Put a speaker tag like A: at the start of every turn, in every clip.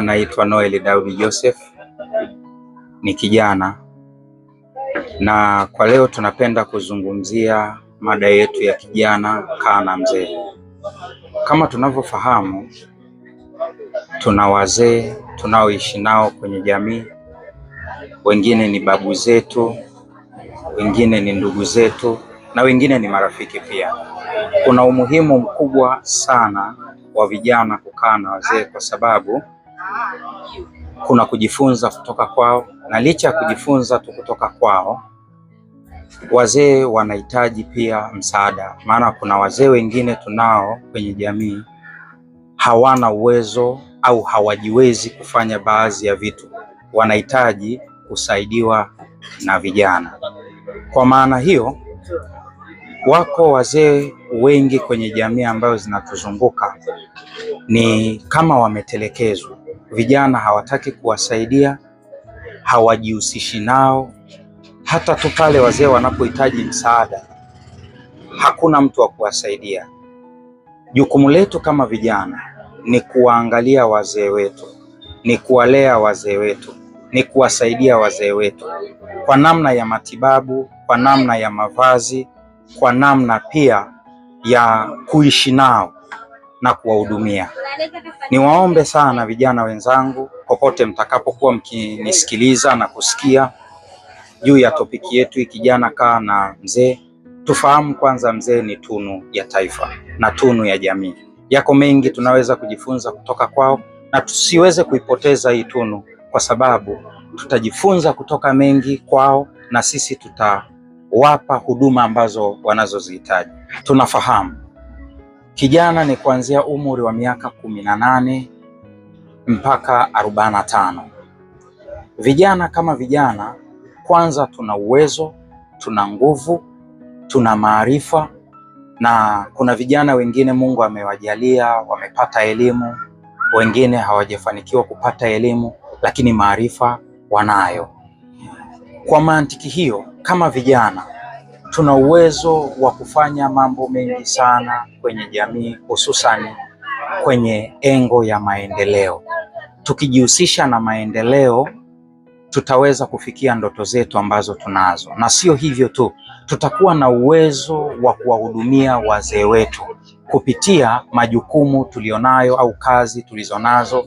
A: Anaitwa Noel Daudi Joseph, ni kijana, na kwa leo tunapenda kuzungumzia mada yetu ya kijana kaa na mzee. Kama tunavyofahamu, tuna wazee tunaoishi nao kwenye jamii, wengine ni babu zetu, wengine ni ndugu zetu, na wengine ni marafiki pia. Kuna umuhimu mkubwa sana wa vijana kukaa na wazee kwa sababu kuna kujifunza kutoka kwao, na licha ya kujifunza tu kutoka kwao, wazee wanahitaji pia msaada, maana kuna wazee wengine tunao kwenye jamii hawana uwezo au hawajiwezi kufanya baadhi ya vitu, wanahitaji kusaidiwa na vijana. Kwa maana hiyo, wako wazee wengi kwenye jamii ambayo zinatuzunguka ni kama wametelekezwa vijana hawataki kuwasaidia, hawajihusishi nao. Hata tu pale wazee wanapohitaji msaada, hakuna mtu wa kuwasaidia. Jukumu letu kama vijana ni kuwaangalia wazee wetu, ni kuwalea wazee wetu, ni kuwasaidia wazee wetu kwa namna ya matibabu, kwa namna ya mavazi, kwa namna pia ya kuishi nao na kuwahudumia. Niwaombe sana vijana wenzangu, popote mtakapokuwa mkinisikiliza na kusikia juu ya topiki yetu hii, kijana kaa na mzee, tufahamu kwanza mzee ni tunu ya taifa na tunu ya jamii. Yako mengi tunaweza kujifunza kutoka kwao, na tusiweze kuipoteza hii tunu, kwa sababu tutajifunza kutoka mengi kwao, na sisi tutawapa huduma ambazo wanazozihitaji. Tunafahamu Kijana ni kuanzia umri wa miaka kumi na nane mpaka arobaini na tano. Vijana kama vijana, kwanza tuna uwezo, tuna nguvu, tuna maarifa, na kuna vijana wengine Mungu amewajalia wamepata elimu, wengine hawajafanikiwa kupata elimu, lakini maarifa wanayo. Kwa mantiki hiyo, kama vijana tuna uwezo wa kufanya mambo mengi sana kwenye jamii, hususani kwenye engo ya maendeleo. Tukijihusisha na maendeleo, tutaweza kufikia ndoto zetu ambazo tunazo, na sio hivyo tu, tutakuwa na uwezo wa kuwahudumia wazee wetu kupitia majukumu tulionayo au kazi tulizonazo,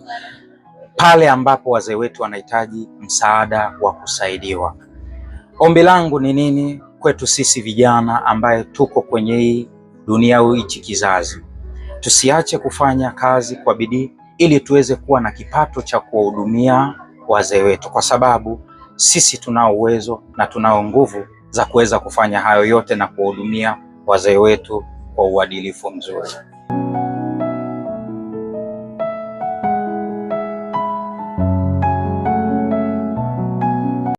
A: pale ambapo wazee wetu wanahitaji msaada wa kusaidiwa. Ombi langu ni nini? kwetu sisi vijana ambaye tuko kwenye hii dunia au hichi kizazi, tusiache kufanya kazi kwa bidii ili tuweze kuwa na kipato cha kuwahudumia wazee wetu, kwa sababu sisi tunao uwezo na tunao nguvu za kuweza kufanya hayo yote na kuwahudumia wazee wetu kwa uadilifu mzuri.